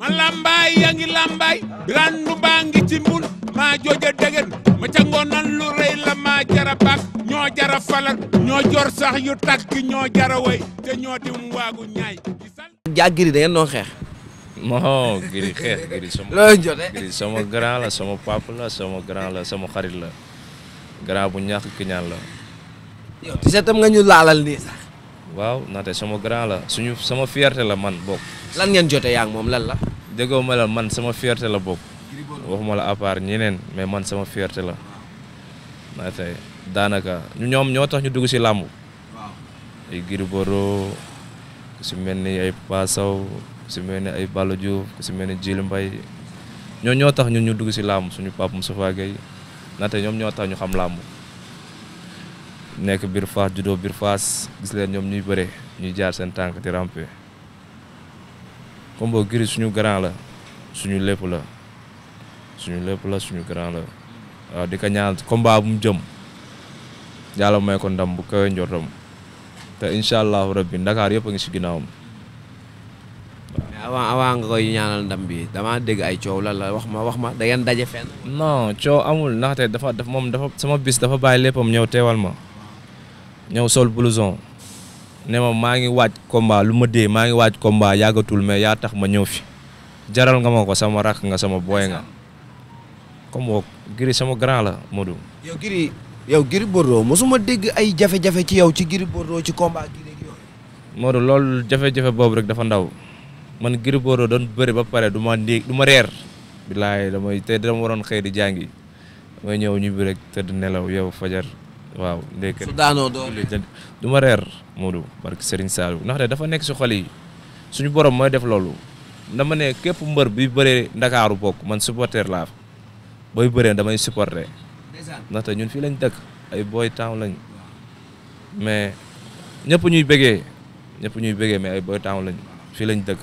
ma làmbaay yaa ngi làmbaay randu baa ngi ci mbul maa jooja degen ma ca ngoonan lu rëy la maa jara baak ñoo jara falal ñoo jor sax yu takk ñoo jara way te ñoo dim waagu ñaay jaa giri da ngeen xeex moo giri xeex giri sama grand la sama papa la sama grand la sama xarit la grand bu ñàkk ki ñaan la ti sa tam nga ñu laalal nii sax waaw naate sama grand la suñu sama fierté la man bokk lan ngeen jote yaa ngi moom lan la déggoo ma man sama fierté la bopp waxuma la à part ñeneen mais man sama fierté la maa tey daanaka ñoom ñoo tax ñu dugg si làmb ay Gris Bordeaux si mel ni ay Papa Sow si mel ni ay Balla Diouf ku si mel ni Djily Mbaye ñoo ñoo tax ñun ñu dugg si làmb suñu papa Moustapha Gueye naate ñoom ñoo tax ñu xam làmb nekk biir faas juddoo biir faas gis leen ñoom ñuy bëre ñuy jaar seen tànk di rampe Kombo Gris suñu grand la suñu lépp la suñu lépp la suñu grand di ko ñaan combat bu mu jëm may ko ndam bu kawe njortam te allahu rabbi ndakaar yëpp a ngi si ginnaawam. avant avant nga koy ñaanal ndam bi damaa dégg ay coow lan la wax ma wax ma da daje fenn. non coow amul ndaxte dafa dafa moom dafa sama bis dafa bàyyi léppam ñëw teewal ma ñëw sol blouson. ne ma maa ngi waaj combat lu ma dee maa ngi waaj combat yàggatul mais yaa tax ma ñëw fi jaral nga ma ko sama rak nga sama booy nga comme woo sama grand la Modou. yow Gris yow Gris Bordeaux mosuma dégg ay jafe-jafe ci yow ci Gris Bordeaux ci komba gi rek yooyu. Modou loolu jafe-jafe boobu rek dafa ndaw man Gris Bordeaux doon bëri ba pare du ma ndéeg du ma reer. bilaay damay te dama waroon xëy di jàngi damay ñëw ñibbi rek tëdd nelaw yow fajar. waaw léegi su daanoo doo du ma reer Modou barke Serigne Saliou ndax de dafa nekk si xol yi suñu borom mooy def loolu dama ne képp mbër bi bëree ndakaaru bokk man supporter laa booy bëree damay supporter ndaxte ñun fii lañ dëkk ay boo town lañ mais ñëpp ñuy bëggee ñëpp ñuy bëggee mais ay boy lañ fii lañ dëkk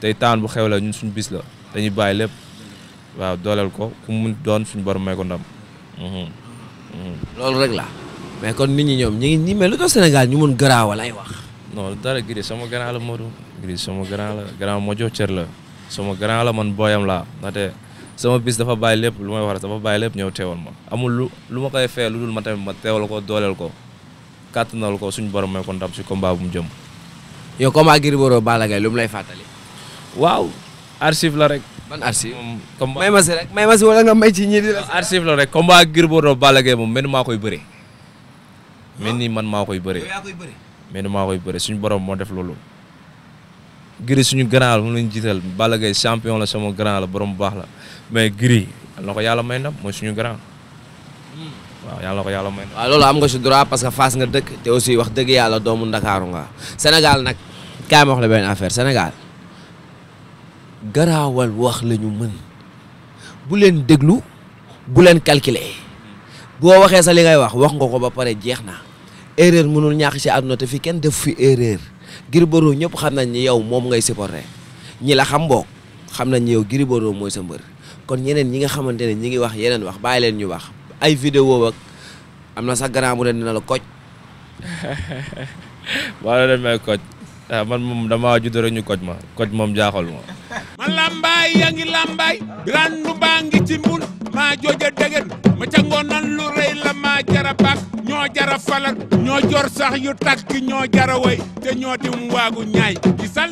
te taan bu xew la ñun suñu bis la dañuy bàyyi lépp waaw dooleel ko ku mu doon suñu borom may ko ndam mhm. Mm-hmm. lool rek la mais kon nit ñi ñoom ñi ngi ñi mais lu ñu mon garaawal ay wax. non dara Gris sama grand la Modou Gris sama grand la grand moo jox cër la sama grand la man booyam sama bis dafa bàyyi lépp lu may wax dafa bàyyi lépp ñëw teewal ma amul lu lu ma koy fee lu dul ma tamit ma teewal ko dooleel ko kàttanal ko suñu borom may ko ndam si combat bu mu jëm. yow combat Gris Bordeaux Balla Gaye lu mu lay fàttali. waaw la rek. ban archive moom may ma si rek may ma si wala nga may ci ñi di la. archive la rek combat Gris Bordeaux Balla koy bëree. mel man maa koy bëree. yaa koy bëree. mel suñu borom moo def loolu. Gris suñu grand la moom lañu jiital Balla Gaye champion la sama grand la borom bu baax la mais Gris na ko yàlla may ndam mooy suñu grand. waaw ko yàlla may. waaw am nga si droit parce que Fass nga dëkk te aussi wax dëgg yàlla doomu Ndakaaru nga Sénégal nag kaay ma wax la benn affaire Sénégal garaawal wax la ñu mën bu leen déglu bu leen calculer boo waxee sa li ngay wax wax nga ko ba pare jeex na erreur mënul ñàkk ci àdduna te fi kenn def fi erreur Gris Bordeaux ñëpp xam nañ ni yow moom ngay supporter ñi la xam xam nañ yow Gris mooy sa mbër kon ñeneen ñi nga xamante ne ñi ngi wax yeneen wax bàyyi leen ñu wax ay vidéo ak am na sax garaam bu ne dina la koc waaw loolu may koc ah, man moom damaa judd ñu koc ma koc moom jaaxal ma lambaay ya ngi lambaay randu baa ngi ci mun maa jooja degen ma ca ngoonan lu rëy la maa jara bak ñoo jara falal ñoo jor sax yu takk ñoo jara way te ñoo dim waagu ñaay gisal